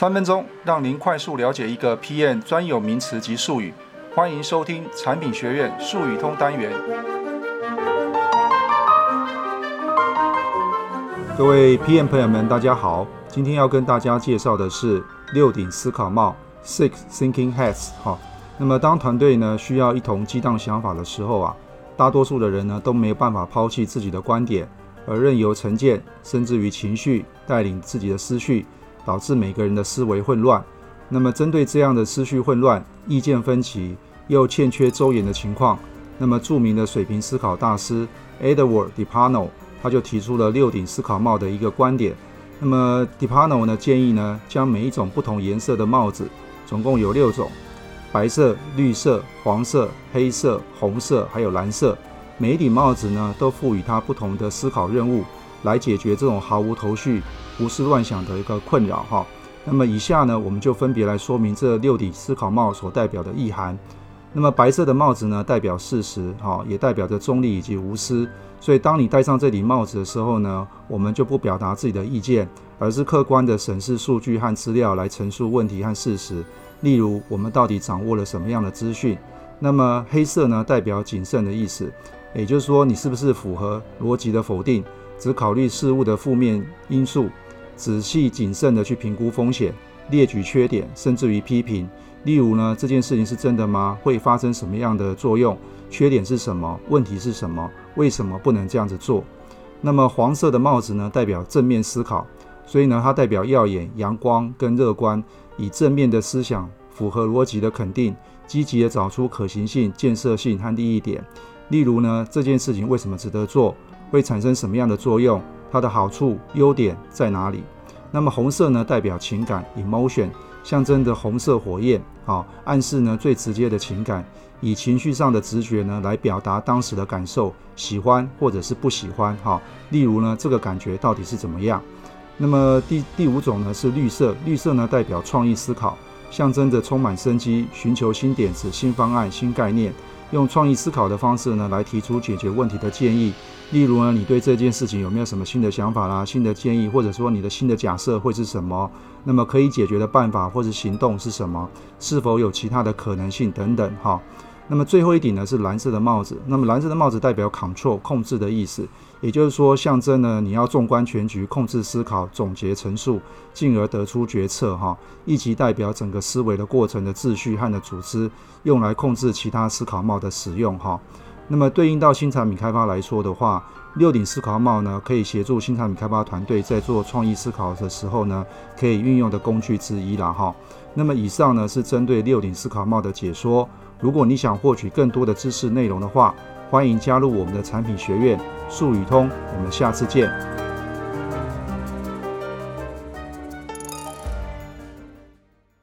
三分鐘讓您快速了解一個 PM 專有名詞及術語，歡迎收聽產品學院術語通單元。各位 PM 朋友們，大家好，今天要跟大家介紹的是六頂思考帽 （Six Thinking h e a d s 哈，那麼當團隊呢需要一同激盪想法的時候啊，大多數的人呢都沒有辦法拋棄自己的觀點，而任由成見甚至於情緒帶領自己的思緒。導致每個人的思維混亂。那麼，針對這樣的思緒混亂、意見分歧又欠缺周延的情況，那麼著名的水平思考大師 Edward d e p a n e o 他就提出了六頂思考帽的一個觀點。那麼 d e p a n e o 呢建議呢，將每一種不同顏色的帽子，總共有六種：白色、綠色、黃色、黑色、紅色，還有藍色。每一頂帽子呢，都賦予它不同的思考任務。來解決這種毫無頭緒、胡思亂想的一個困擾哈。那麼以下呢，我們就分別來說明這六頂思考帽所代表的意涵。那麼白色的帽子呢，代表事實哈，也代表着中立以及無私。所以當你戴上這頂帽子的時候呢，我們就不表達自己的意見，而是客觀的審視數據和資料來陳述問題和事實。例如，我們到底掌握了什麼樣的資訊？那麼黑色呢，代表謹慎的意思，也就是說，你是不是符合邏輯的否定？只考慮事物的負面因素，仔細謹慎地去評估風險，列舉缺點，甚至於批評。例如呢，這件事情是真的嗎？會發生什麼樣的作用？缺點是什麼？問題是什麼？為什麼不能這樣子做？那麼黃色的帽子呢，代表正面思考，所以呢，它代表耀眼、陽光跟樂觀，以正面的思想、符合邏輯的肯定、積極地找出可行性、建設性和利益點。例如呢，這件事情為什麼值得做？會產生什麼樣的作用？它的好處、優點在哪裡？那麼紅色呢，代表情感 （emotion），象徵着紅色火焰，好、哦、暗示呢，最直接的情感，以情緒上的直覺呢來表達當時的感受，喜歡或者是不喜歡，哈、哦。例如呢，這個感覺到底是怎麼樣？那麼第第五種呢是綠色，綠色呢代表創意思考，象徵着充滿生機，尋求新點子、新方案、新概念。用創意思考的方式呢，來提出解決問題的建議。例如呢，你對這件事情有沒有什麼新的想法啦、啊、新的建議，或者說你的新的假設會是什麼？那麼可以解決的辦法或是行動是什麼？是否有其他的可能性等等？哈。那麼最後一頂呢是藍色的帽子，那麼藍色的帽子代表 control 控制的意思，也就是說象徵呢你要縱觀全局，控制思考，總結陳述，進而得出決策哈，以及代表整個思維的過程的秩序和的組織，用來控制其他思考帽的使用哈。那麼對應到新產品開發來說的話，六頂思考帽呢可以協助新產品開發團隊在做創意思考的時候呢，可以運用的工具之一啦。哈。那麼以上呢是針對六頂思考帽的解說。如果你想獲取更多的知識內容的話，歡迎加入我們的產品學院。術語通。我們下次見。